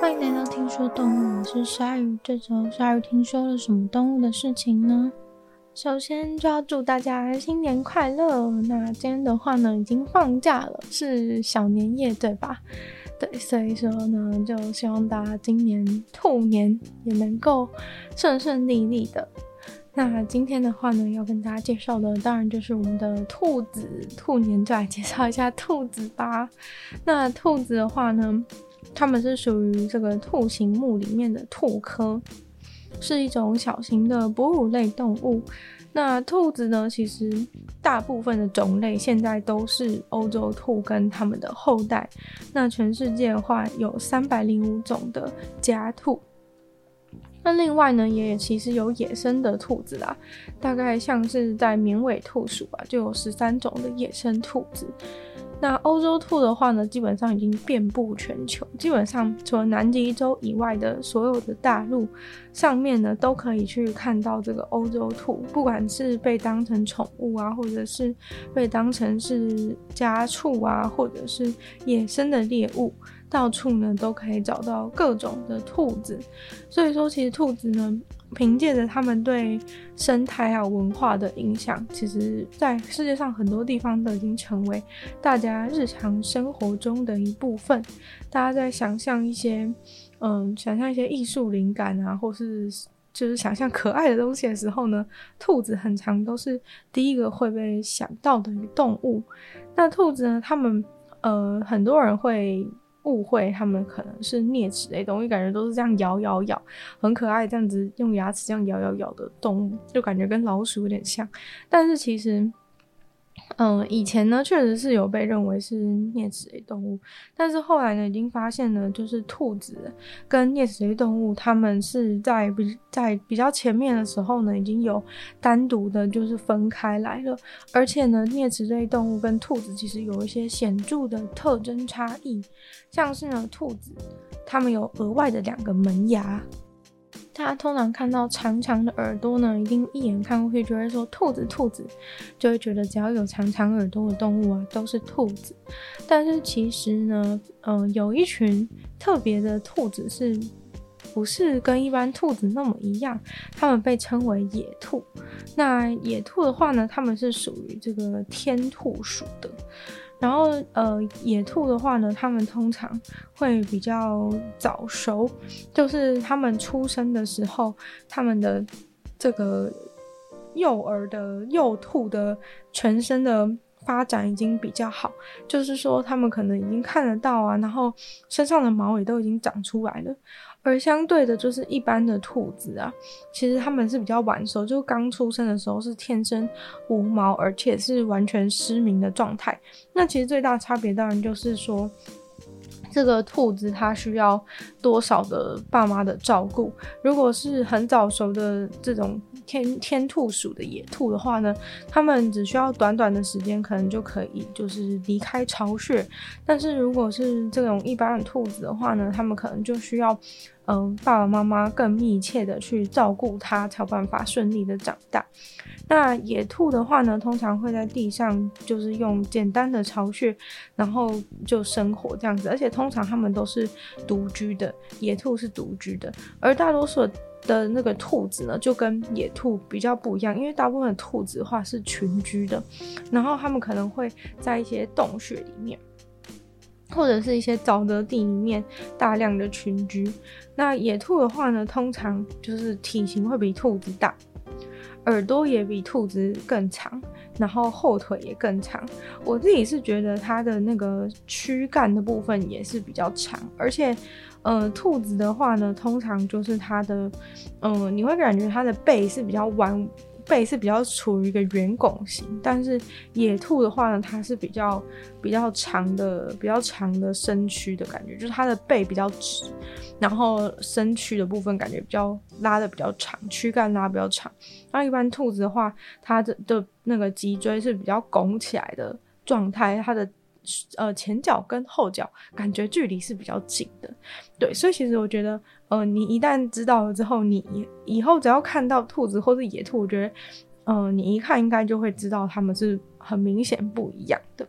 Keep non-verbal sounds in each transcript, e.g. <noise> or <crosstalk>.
歡迎來到聽說動物，我是鯊魚。這週鯊魚聽說了什麼動物的事情呢？首先就要祝大家新年快樂。那今天的話呢，已經放假了，是小年夜對吧？對，所以說呢，就希望大家今年兔年也能夠順順利利的。那今天的話呢，要跟大家介紹的當然就是我們的兔子，兔年再來介紹一下兔子吧。那兔子的話呢，它們是屬於這個兔形目裡面的兔科，是一種小型的哺乳類動物。那兔子呢，其實大部分的種類現在都是歐洲兔跟它們的後代。那全世界的話，有三百零五種的家兔。那另外呢，也其實有野生的兔子啦，大概像是在棉尾兔屬吧，就有十三種的野生兔子。那歐洲兔的話呢，基本上已經遍布全球，基本上除了南極洲以外的所有的大陸上面呢，都可以去看到這個歐洲兔，不管是被當成寵物啊，或者是被當成是家畜啊，或者是野生的獵物，到處呢都可以找到各種的兔子。所以說，其實兔子呢。憑借着他們對生態還有文化的影響，其實，在世界上很多地方都已經成為大家日常生活中的一部分。大家在想象一些，嗯、呃，想象一些藝術靈感啊，或是就是想象可愛的東西的時候呢，兔子很常都是第一個會被想到的一個動物。那兔子呢，他們呃，很多人會。誤會，他們可能是齧齒類動物，感覺都是這樣咬咬咬，很可愛，這樣子用牙齒這樣咬咬咬的動物，就感覺跟老鼠有點像，但是其實。嗯，以前呢確實是有被認為是齧齒類動物，但是後來呢已經發現了，就是兔子跟齧齒類動物，它們是在比在比較前面的時候呢已經有單獨的，就是分開來了。而且呢，齧齒類動物跟兔子其實有一些顯著的特徵差異，像是呢兔子它們有額外的兩個門牙。大家通常看到長長的耳朵呢，一定一眼看過去，就會說兔子，兔子，就會覺得只要有長長耳朵的動物啊，都是兔子。但是其實呢，嗯、呃，有一群特別的兔子是不是跟一般兔子那麼一樣，它們被稱為野兔。那野兔的話呢，它們是屬於這個天兔屬的。然後，呃，野兔的話呢，它們通常會比較早熟，就是它們出生的時候，它們的這個幼兒的幼兔的全身的發展已經比較好，就是說它們可能已經看得到啊，然後身上的毛也都已經長出來了。而相對的，就是一般的兔子啊，其實他們是比較晚熟，就剛出生的時候是天生無毛，而且是完全失明的狀態。那其實最大差別，當然就是說，這個兔子它需要多少的爸媽的照顧。如果是很早熟的這種天天兔屬的野兔的話呢，它們只需要短短的時間，可能就可以就是離開巢穴。但是如果是這種一般的兔子的話呢，它們可能就需要。嗯，爸爸媽媽更密切的去照顧它，才有辦法順利的長大。那野兔的話呢，通常會在地上，就是用簡單的巢穴，然後就生活這樣子。而且通常它們都是獨居的，野兔是獨居的。而大多數的那個兔子呢，就跟野兔比較不一樣，因為大部分的兔子的話是群居的，然後他們可能會在一些洞穴裡面。或者是一些沼澤地裡面大量的群居。那野兔的話呢，通常就是體型會比兔子大，耳朵也比兔子更長，然後後腿也更長。我自己是覺得它的那個軀幹的部分也是比較長，而且，呃，兔子的話呢，通常就是它的，嗯、呃，你會感覺它的背是比較彎。背是比較處於一個圓拱形，但是野兔的話呢，它是比較比較長的，比較長的身軀的感覺，就是它的背比較直，然後身軀的部分感覺比較拉的比較長，軀幹拉得比較長。那一般兔子的話，它的，它的那個脊椎是比較拱起來的狀態，它的。呃，前腳跟後腳感覺距離是比較近的，對，所以其實我覺得，呃，你一旦知道了之後，你以後只要看到兔子或是野兔，我覺得，嗯、呃，你一看應該就會知道它們是很明顯不一樣的。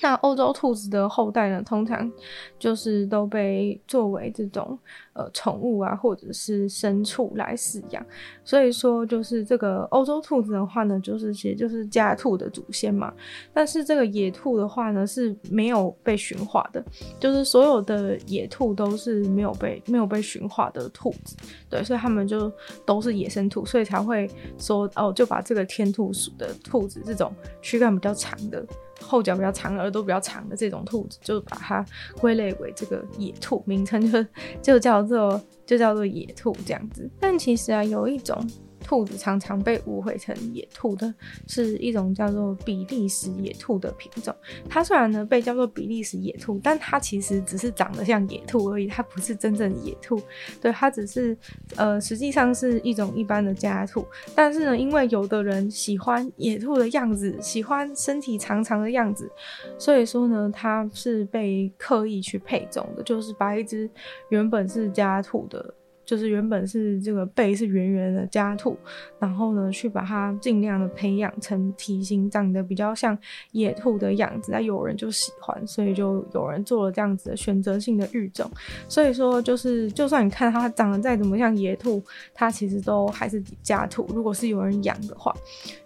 那歐洲兔子的後代呢，通常就是都被作為這種呃寵物啊，或者是牲畜來飼養。所以說，就是這個歐洲兔子的話呢，就是其實就是家兔的祖先嘛。但是這個野兔的話呢，是沒有被馴化的，就是所有的野兔都是沒有被沒有被馴化的兔子。對，所以他們就都是野生兔，所以才會說哦，就把這個天兔屬的兔子這種軀幹比較長的。後腳比較長的，耳朵比較長的這種兔子，就是把它歸類為這個野兔，名稱就就叫做就叫做野兔這樣子。但其實啊，有一種。兔子常常被誤會成野兔的，是一種叫做比利時野兔的品種。它雖然呢被叫做比利時野兔，但它其實只是長得像野兔而已，它不是真正野兔。對，它只是呃，實際上是一種一般的家兔。但是呢，因為有的人喜歡野兔的樣子，喜歡身體長長的樣子，所以說呢，它是被刻意去配種的，就是把一隻原本是家兔的。就是原本是這個背是圓圓的家兔，然後呢，去把它儘量的培養成體型長得比較像野兔的樣子，那有人就喜歡，所以就有人做了這樣子的選擇性的育種。所以說，就是就算你看它長得再怎麼像野兔，它其實都還是家兔。如果是有人養的話，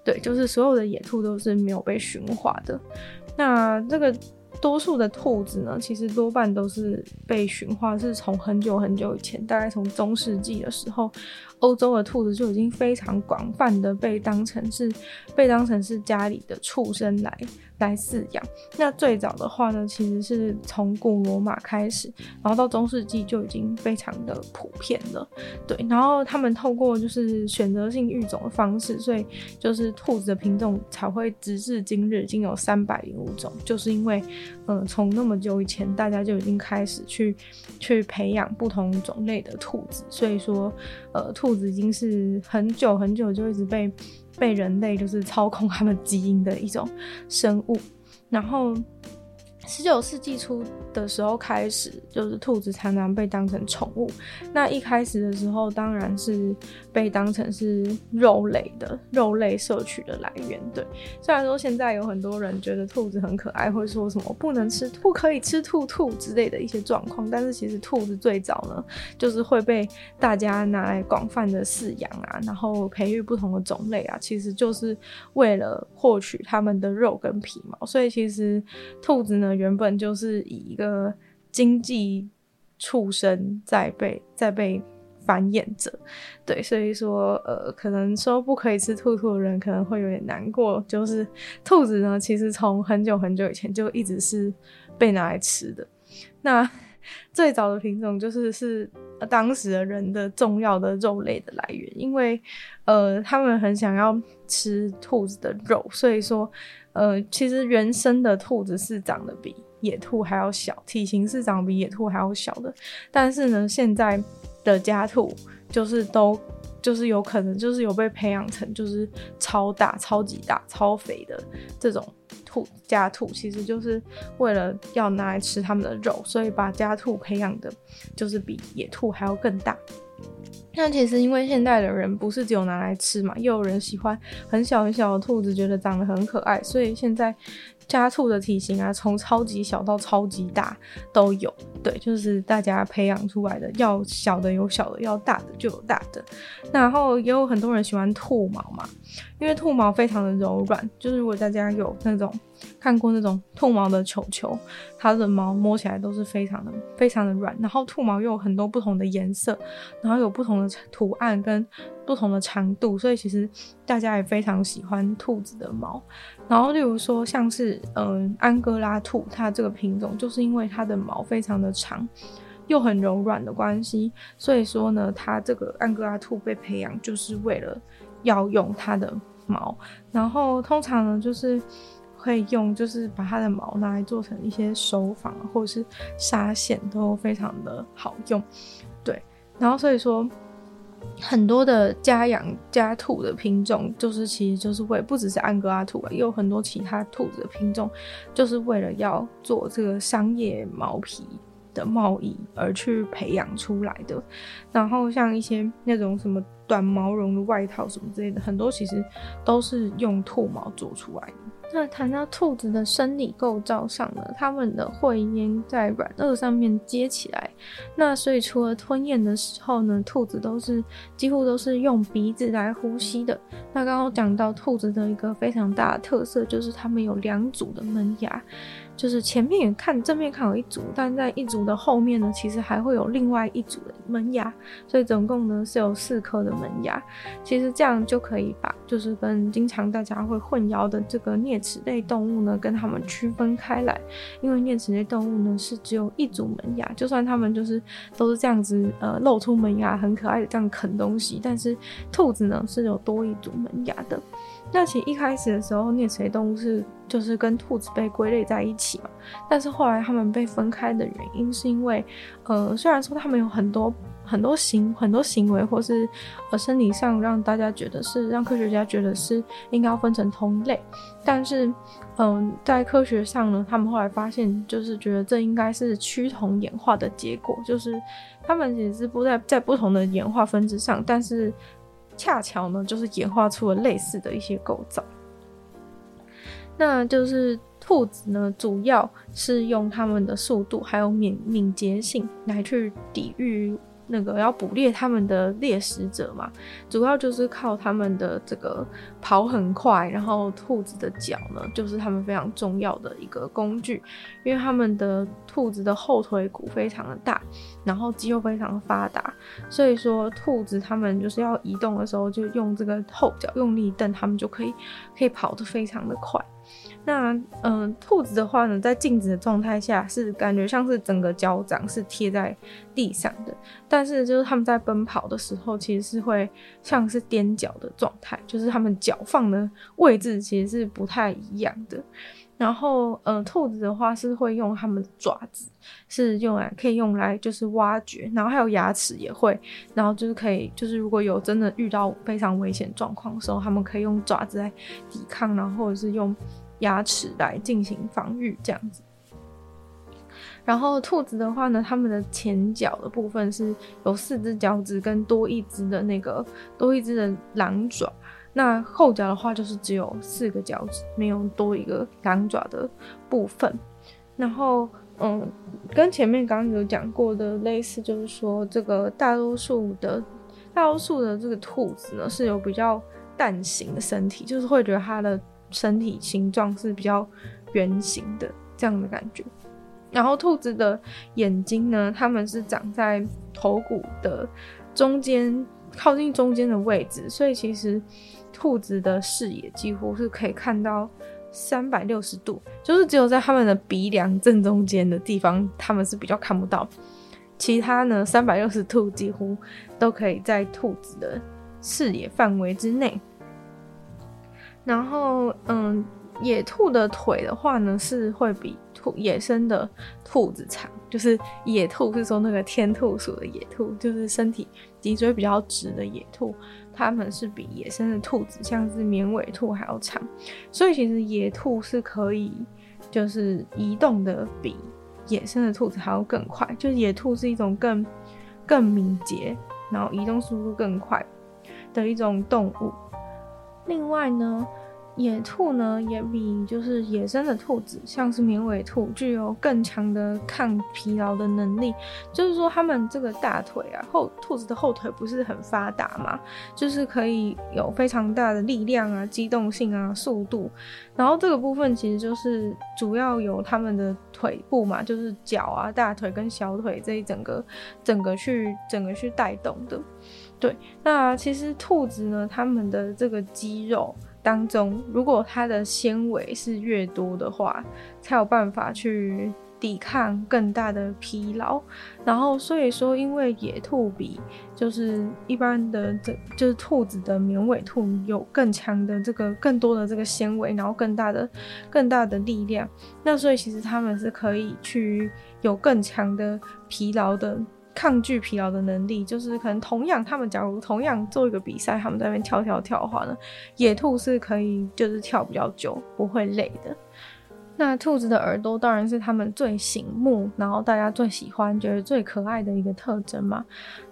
對，就是所有的野兔都是沒有被馴化的。那這個。多數的兔子呢，其實多半都是被馴化，是從很久很久以前，大概從中世紀的時候，歐洲的兔子就已經非常廣泛的被當成是被當成是家裡的畜生來，在飼養。那最早的話呢，其實是從古羅馬開始，然後到中世紀就已經非常的普遍了。對，然後他們透過就是選擇性育種的方式，所以就是兔子的品種才會直至今日已經有三百零五種，就是因為，呃，從那麼久以前，大家就已經開始去去培養不同種類的兔子，所以說，呃，兔子已經是很久很久就一直被。被人類就是操控他們基因的一種生物，然後十九世紀初的時候開始，就是兔子常常被當成寵物。那一開始的時候，當然是。被當成是肉類的肉類攝取的來源，對。雖然說現在有很多人覺得兔子很可愛，會說什麼不能吃兔、不可以吃兔兔之類的一些狀況，但是其實兔子最早呢，就是會被大家拿來廣泛的飼養啊，然後培育不同的種類啊，其實就是為了獲取它們的肉跟皮毛。所以其實兔子呢，原本就是以一個經濟畜生在被在被繁衍著，對，所以說，呃，可能說不可以吃兔兔的人可能會有點難過。就是兔子呢，其實從很久很久以前就一直是被拿來吃的。那最早的品種就是是當時的人的重要的肉類的來源，因為呃，他們很想要吃兔子的肉，所以說，呃，其實原生的兔子是長得比野兔還要小，體型是長得比野兔還要小的。但是呢，現在的家兔就是都就是有可能就是有被培養成就是超大超級大超肥的這種兔家兔，其實就是為了要拿來吃他們的肉，所以把家兔培養的，就是比野兔還要更大。那其實因為現代的人不是只有拿來吃嘛，又有人喜歡很小很小的兔子，覺得長得很可愛，所以現在。家兔的體型啊，從超級小到超級大都有。對，就是大家培養出來的，要小的有小的，要大的就有大的。然後也有很多人喜歡兔毛嘛。因為兔毛非常的柔軟，就是如果大家有那種看過那種兔毛的球球，它的毛摸起來都是非常的非常的軟。然後兔毛又有很多不同的顏色，然後有不同的圖案跟不同的長度，所以其實大家也非常喜歡兔子的毛。然後例如說像是嗯安哥拉兔，它這個品種就是因為它的毛非常的長，又很柔軟的關係，所以說呢它這個安哥拉兔被培養就是為了。要用它的毛，然後通常呢就是會用，就是把它的毛拿來做成一些手紡，或者是紗線都非常的好用，對。然後所以說，很多的家養家兔的品種，就是其實就是為不只是安哥拉兔啊，也有很多其他兔子的品種，就是為了要做這個商業毛皮。的貿易而去培養出來的，然後像一些那種什麼短毛絨的外套什麼之類的，很多其實都是用兔毛做出來的。那談到兔子的生理構造上呢，它們的會厭在軟腭上面接起來，那所以除了吞嚥的時候呢，兔子都是幾乎都是用鼻子來呼吸的。那剛剛講到兔子的一個非常大的特色，就是它們有兩組的門牙。就是前面也看正面也看有一組，但在一組的後面呢，其實還會有另外一組的門牙，所以總共呢是有四顆的門牙。其實這樣就可以把，就是跟經常大家會混淆的這個齧齒類動物呢，跟它們區分開來。因為齧齒類動物呢是只有一組門牙，就算它們就是都是這樣子呃露出門牙很可愛的這樣啃東西，但是兔子呢是有多一組門牙的。那其實一開始的時候，齧齒動物是就是跟兔子被歸類在一起嘛。但是後來它們被分開的原因，是因為呃，雖然說它們有很多很多行很多行為，或是呃生理上讓大家覺得是讓科學家覺得是應該要分成同一類，但是嗯、呃，在科學上呢，他們後來發現就是覺得這應該是趨同演化的結果，就是它們也是不在在不同的演化分支上，但是，恰巧呢，就是演化出了類似的一些構造。那就是兔子呢，主要是用它們的速度還有敏敏捷性來去抵禦。那個要捕獵他們的獵食者嘛，主要就是靠他們的這個跑很快，然後兔子的腳呢，就是他們非常重要的一個工具，因為他們的兔子的後腿骨非常的大，然後肌肉非常的發達，所以說兔子他們就是要移動的時候就用這個後腳用力蹬，他們就可以可以跑得非常的快。那嗯、呃，兔子的話呢，在靜止的狀態下是感覺像是整個腳掌是貼在地上的，但是就是他們在奔跑的時候，其實是會像是踮腳的狀態，就是他們腳放的位置其實是不太一樣的。然後，呃，兔子的話是會用它們的爪子，是用來可以用來就是挖掘，然後還有牙齒也會，然後就是可以就是如果有真的遇到非常危險狀況的時候，它們可以用爪子來抵抗，然後或者是用牙齒來進行防禦這樣子。然後兔子的話呢，它們的前腳的部分是有四隻腳趾，跟多一隻的那個多一隻的狼爪。那後腳的話就是只有四個腳趾，沒有多一個狼爪的部分。然後，嗯，跟前面剛剛有講過的類似，就是說這個大多數的大多數的這個兔子呢是有比較蛋形的身體，就是會覺得它的身體形狀是比較圓形的這樣的感覺。然後，兔子的眼睛呢，它們是長在頭骨的中間，靠近中間的位置，所以其實。兔子的視野幾乎是可以看到三百六十度，就是只有在他們的鼻樑正中間的地方，他們是比較看不到。其他呢，三百六十度幾乎都可以在兔子的視野範圍之內。然後，嗯，野兔的腿的話呢，是會比兔野生的兔子長，就是野兔是說那個天兔屬的野兔，就是身體。脊椎比較直的野兔，它們是比野生的兔子，像是綿尾兔還要長，所以其實野兔是可以，就是移動的比野生的兔子還要更快，就是野兔是一種更更敏捷，然後移動速度更快的一種動物。另外呢。野兔呢，也比就是野生的兔子，像是棉尾兔，具有更強的抗疲勞的能力。就是說，它們這個大腿啊，後兔子的後腿不是很發達嘛，就是可以有非常大的力量啊、機動性啊、速度。然後這個部分其實就是主要由它們的腿部嘛，就是腳啊、大腿跟小腿這一整個、整個去、整個去帶動的。對，那其實兔子呢，它們的這個肌肉當中，如果它的纖維是越多的話，才有辦法去抵抗更大的疲勞。然後，所以說，因為野兔比就是一般的這，就是兔子的棉尾兔有更強的這個、更多的這個纖維，然後更大的、更大的力量。那所以，其實它們是可以去有更強的疲勞的。抗拒疲勞的能力，就是可能同樣，他們假如同樣做一個比賽，他們在那邊跳跳跳的話呢，野兔是可以就是跳比較久，不會累的。那兔子的耳朵當然是它們最醒目，然後大家最喜歡、覺得最可愛的一個特徵嘛。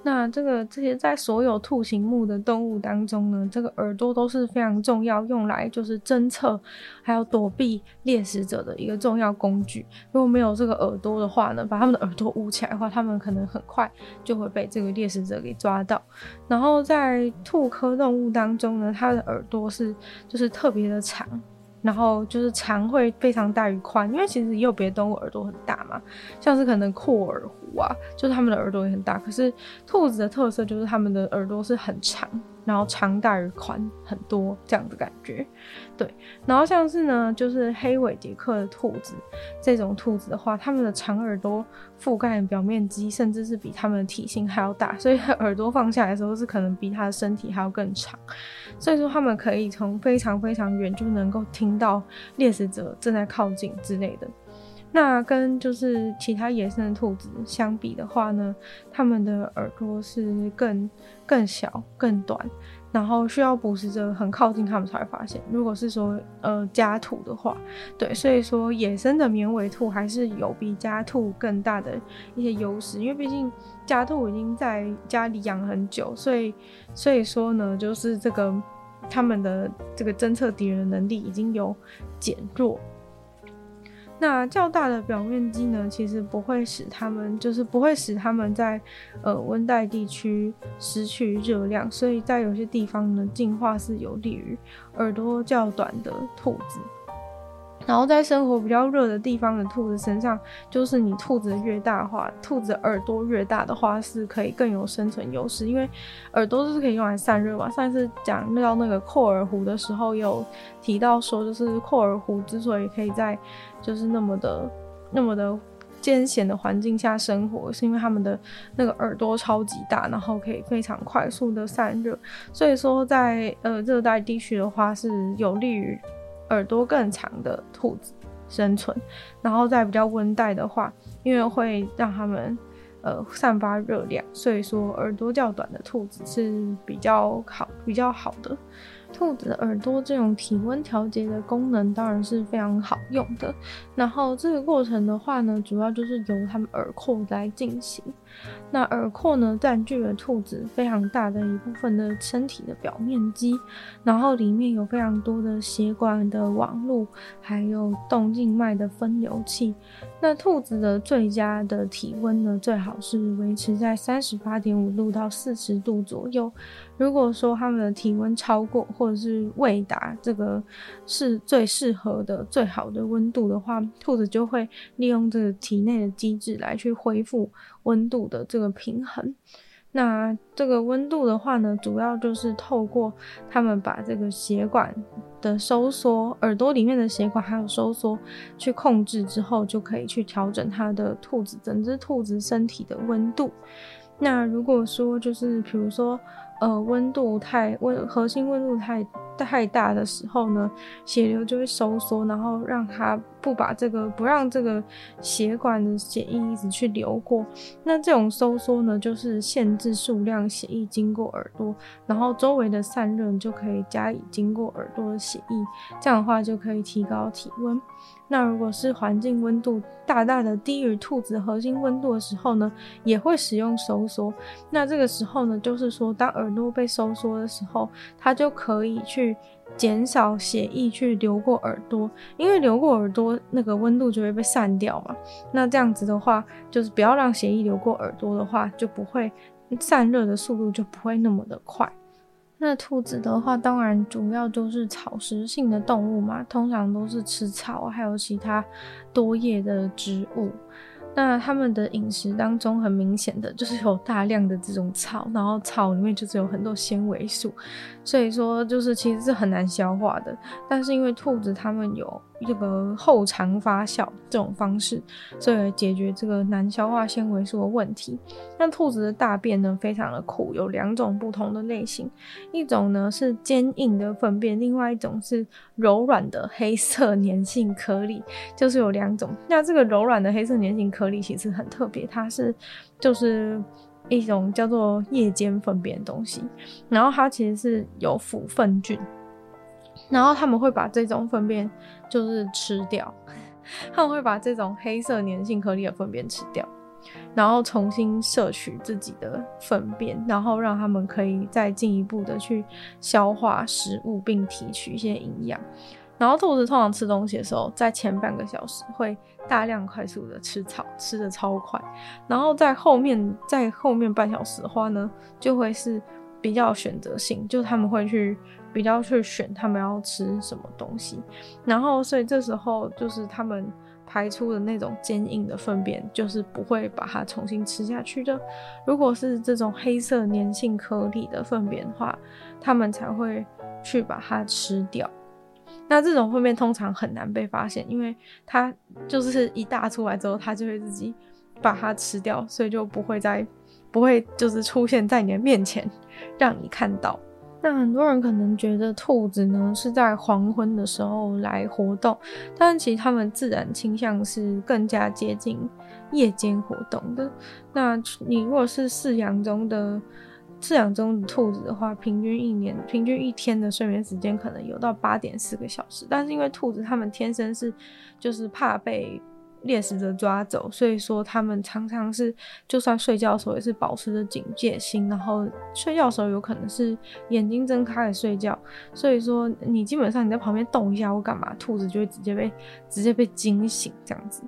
那這個這些在所有兔形目的動物當中呢，這個耳朵都是非常重要，用來就是偵測，還有躲避獵食者的一個重要工具。如果沒有這個耳朵的話呢，把它們的耳朵捂起來的話，它們可能很快就會被這個獵食者給抓到。然後在兔科動物當中呢，它的耳朵是就是特別的長。然後就是長會非常大於寬，因為其實也有別的動物耳朵很大嘛，像是可能闊耳狐啊，就是它們的耳朵也很大。可是兔子的特色就是它們的耳朵是很長。然後長大於寬很多這樣的感覺，對。然後像是呢，就是黑尾傑克的兔子，這種兔子的話，它們的長耳朵覆蓋的表面積甚至是比它們的體型還要大，所以耳朵放下來的時候是可能比它的身體還要更長，所以說它們可以從非常非常遠就能夠聽到獵食者正在靠近之類的。那跟就是其他野生的兔子相比的話呢，它們的耳朵是更更小、更短，然後需要捕食者很靠近它們才會發現。如果是說呃家兔的話，對，所以說野生的綿尾兔還是有比家兔更大的一些優勢，因為畢竟家兔已經在家裡養很久，所以所以說呢，就是這個他們的這個偵測敵人的能力已經有減弱。那較大的表面積呢，其實不會使它們，就是不會使它們在呃溫帶地區失去熱量，所以在有些地方呢，進化是有利於耳朵較短的兔子。然後在生活比較熱的地方的兔子身上，就是你兔子越大的話，兔子耳朵越大的話，是可以更有生存優勢，因為耳朵就是可以用來散熱嘛。上一次講到那個闊耳狐的時候，有提到說，就是闊耳狐之所以可以在就是那麼的那麼的艱險的環境下生活，是因為他們的那個耳朵超級大，然後可以非常快速的散熱，所以說在呃熱帶地區的話是有利於。耳朵更長的兔子生存，然後在比較溫帶的話，因為會讓它們呃散發熱量，所以說耳朵較短的兔子是比較好比較好的。兔子的耳朵這種體溫調節的功能當然是非常好用的。然後這個過程的話呢，主要就是由它們耳廓來進行。那耳廓呢，佔據了兔子非常大的一部分的身體的表面積，然後裡面有非常多的血管的網路，還有動靜脈的分流器。那兔子的最佳的體溫呢，最好是維持在三十八點五度到四十度左右。如果說它們的體溫超過或者是未達這個是最適合的、最好的溫度的話，兔子就會利用這個體內的機制來去恢復。溫度的這個平衡，那這個溫度的話呢，主要就是透過他們把這個血管的收縮，耳朵裡面的血管還有收縮去控制，之後就可以去調整它的兔子，整隻兔子身體的溫度。那如果說就是比如說，呃，溫度太溫，核心溫度太。太大的時候呢，血流就會收縮，然後讓它不把這個，不讓這個血管的血液一直去流過。那這種收縮呢，就是限制數量血液經過耳朵，然後周圍的散熱就可以加以經過耳朵的血液，這樣的話就可以提高體溫。那如果是環境溫度大大的低於兔子核心溫度的時候呢，也會使用收縮。那這個時候呢，就是說當耳朵被收縮的時候，它就可以去。減少血液去流過耳朵，因為流過耳朵那個溫度就會被散掉嘛。那這樣子的話，就是不要讓血液流過耳朵的話，就不會散熱的速度就不會那麼的快。那兔子的話，當然主要就是草食性的動物嘛，通常都是吃草，還有其他多葉的植物。那他們的飲食當中很明顯的就是有大量的這種草，然後草裡面就是有很多纖維素，所以說就是其實是很難消化的，但是因為兔子它們有。這個後腸發酵這種方式，所以解決這個難消化纖維素的問題。那兔子的大便呢，非常的苦，有兩種不同的類型，一種呢是堅硬的糞便，另外一種是柔軟的黑色粘性顆粒，就是有兩種。那這個柔軟的黑色粘性顆粒其實很特別，它是就是一種叫做夜間糞便的東西，然後它其實是有腐糞菌。然後他們會把這種糞便就是吃掉，他們會把這種黑色粘性顆粒的糞便吃掉，然後重新攝取自己的糞便，然後讓他們可以再進一步的去消化食物並提取一些營養。然後兔子通常吃東西的時候，在前半個小時會大量快速的吃草，吃得超快，然後在後面在後面半小時的話呢，就會是。比較選擇性，就他們會去比較去選他們要吃什麼東西，然後所以這時候就是他們排出的那種堅硬的糞便，就是不會把它重新吃下去的。如果是這種黑色粘性顆粒的糞便的話，他們才會去把它吃掉。那這種糞便通常很難被發現，因為它就是一大出來之後，它就會自己把它吃掉，所以就不會再。不會就是出現在你的面前，讓你看到。那很多人可能覺得兔子呢是在黃昏的時候來活動，但是其實它們自然傾向是更加接近夜間活動的。那你如果是飼養中的飼養中的兔子的話，平均一年，平均一天的睡眠時間可能有到八點四個小時，但是因為兔子它們天生是就是怕被。獵食者抓走，所以說他們常常是，就算睡覺的時候也是保持着警戒心，然後睡覺的時候有可能是眼睛睜開了睡覺，所以說你基本上你在旁邊動一下或幹嘛，兔子就會直接被直接被驚醒這樣子。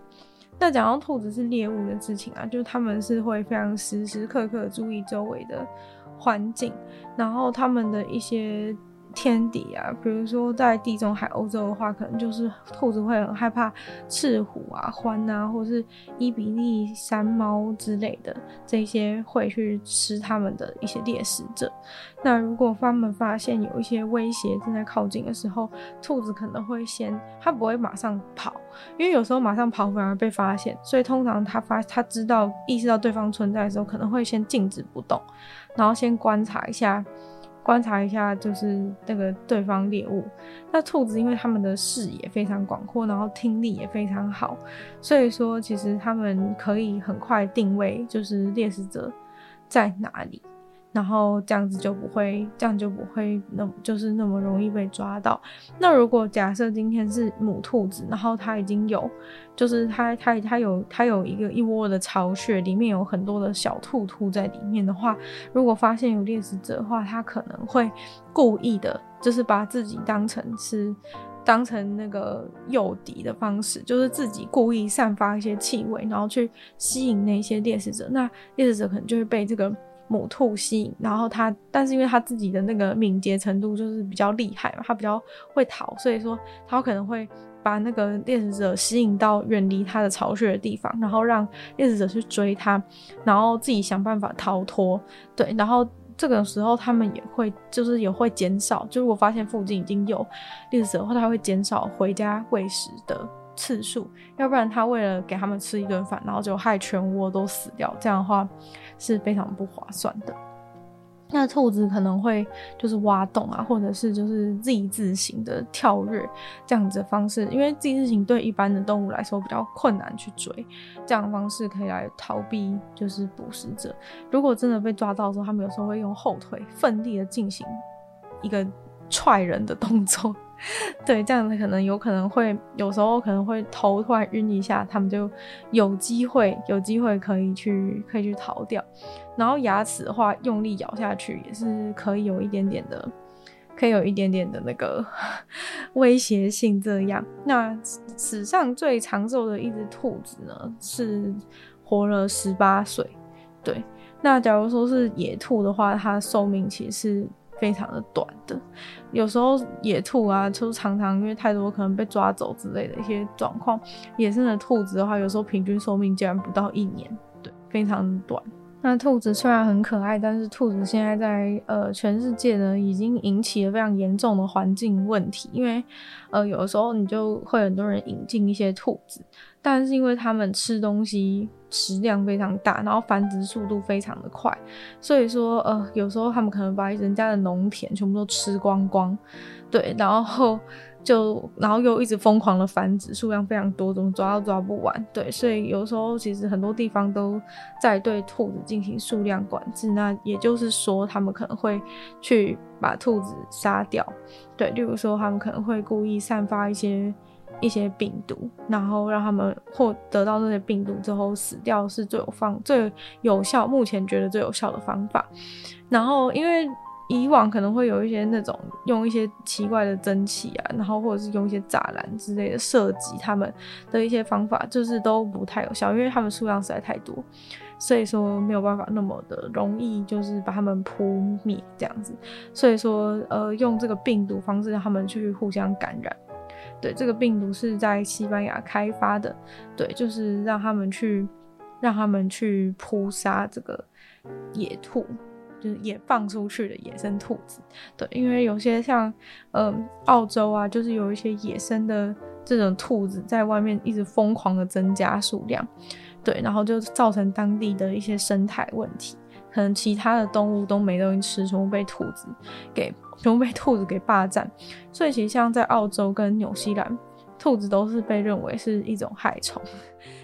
那講到兔子是獵物的事情啊，就是他們是會非常時時刻刻注意周圍的環境，然後他們的一些，天敵啊，比如說在地中海歐洲的話，可能就是兔子會很害怕赤虎啊、獾啊，或是伊比利山貓之類的這些會去吃它們的一些獵食者。那如果他們發現有一些威脅正在靠近的時候，兔子可能會先，它不會馬上跑，因為有時候馬上跑反而被發現，所以通常它發它知道意識到對方存在的時候，可能會先靜止不動，然後先觀察一下。觀察一下，就是那個對方獵物。那兔子因為他們的視野非常廣闊，然後聽力也非常好，所以說其實他們可以很快定位，就是獵食者在哪裡。然後這樣子就不會，這樣就不會那就是那麼容易被抓到。那如果假設今天是母兔子，然後它已經有，就是它它它有它有一個一窩的巢穴，裡面有很多的小兔兔在裡面的話，如果發現有獵食者的話，它可能會故意的，就是把自己當成是當成那個誘敵的方式，就是自己故意散發一些氣味，然後去吸引那些獵食者。那獵食者可能就會被這個。母兔吸引，然後它，但是因為它自己的那個敏捷程度就是比較厲害嘛，它比較會逃，所以說它可能會把那個獵食者吸引到遠離它的巢穴的地方，然後讓獵食者去追它，然後自己想辦法逃脫。對，然後這個時候它們也會，就是也會減少，就如果發現附近已經有獵食者的話，它會減少回家餵食的次數，要不然他為了給他們吃一頓飯，然後就害全窩都死掉，這樣的話是非常不划算的。那兔子可能會就是挖洞啊，或者是就是 Z 字形的跳躍這樣子的方式，因為 Z 字形對一般的動物來說比較困難去追，這樣的方式可以來逃避就是捕食者。如果真的被抓到的時候，他們有時候會用後腿奮力的進行一個踹人的動作。 <laughs> 對，這樣子可能有可能會，有時候可能會頭突然暈一下，他們就有機會，有機會可以去可以去逃掉。然後牙齒的話，用力咬下去也是可以有一點點的，可以有一點點的那個威脅性這樣。那史上最長壽的一隻兔子呢，是活了十八歲。對，那假如說是野兔的話，它壽命其實。非常的短的，有時候野兔啊，就常常因為太多可能被抓走之類的一些狀況。野生的兔子的話，有時候平均壽命竟然不到一年，對，非常短。那兔子雖然很可愛，但是兔子現在在呃全世界呢，已經引起了非常嚴重的環境問題。因為呃有時候你就會很多人引進一些兔子，但是因為他們吃東西。食量非常大，然後繁殖速度非常的快，所以說呃，有時候他們可能把人家的農田全部都吃光光，對，然後就然後又一直瘋狂的繁殖，數量非常多，怎麼抓都抓不完，對，所以有時候其實很多地方都在對兔子進行數量管制，那也就是說他們可能會去把兔子殺掉，對，例如說他們可能會故意散發一些。一些病毒，然後讓他們獲得到這些病毒之後死掉，是最有方、最有效，目前覺得最有效的方法。然後，因為以往可能會有一些那種用一些奇怪的蒸汽啊，然後或者是用一些柵欄之類的射擊他們的一些方法，就是都不太有效，因為他們數量實在太多，所以說沒有辦法那麼的容易，就是把他們撲滅這樣子。所以說，呃，用這個病毒方式讓他們去互相感染。對，這個病毒是在西班牙開發的，對，就是讓他們去，讓他們去撲殺這個野兔，就是野放出去的野生兔子，對，因為有些像，嗯，澳洲啊，就是有一些野生的這種兔子在外面一直瘋狂的增加數量，對，然後就造成當地的一些生態問題。可能其他的動物都沒東西吃，全部被兔子給，全部被兔子給霸佔。所以其實像在澳洲跟紐西蘭，兔子都是被認為是一種害蟲。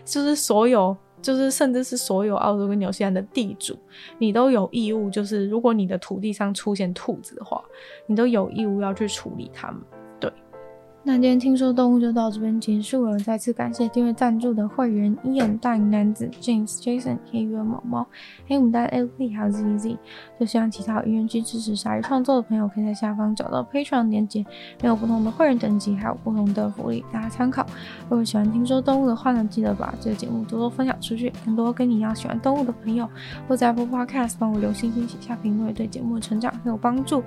就是所有，就是甚至是所有澳洲跟紐西蘭的地主，你都有義務，就是如果你的土地上出現兔子的話，你都有義務要去處理它們。那今天聽說動物就到這邊結束了，再次感謝訂閱贊助的會員伊恩、大男子、James、Jason 黑貓貓、黑月某某、黑牡丹、l u 還有 Z Z。就希望其他願意去支持鯊魚創作的朋友，可以在下方找到 Patreon 連接，也有不同的會員等級，還有不同的福利，大家參考。如果喜歡聽說動物的話呢，記得把這個節目多多分享出去，更多跟你一樣喜歡動物的朋友，或在播 podcast 幫我留星星填寫一下評論，對節目的成長很有幫助。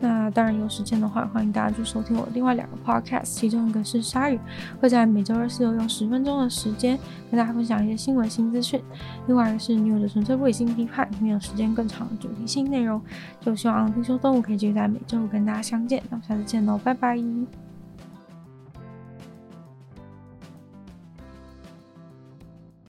那當然有時間的話，歡迎大家去收聽我的另外兩個 podcast。其中一個是鯊魚，會在每周二、四、六用十分鐘的時間跟大家分享一些新聞、新資訊。另外一個是女友的純粹不理性批判，擁有時間更長的主題性內容。就希望聽說動物可以繼續在每周五跟大家相見，那我們下次見嘍，拜拜。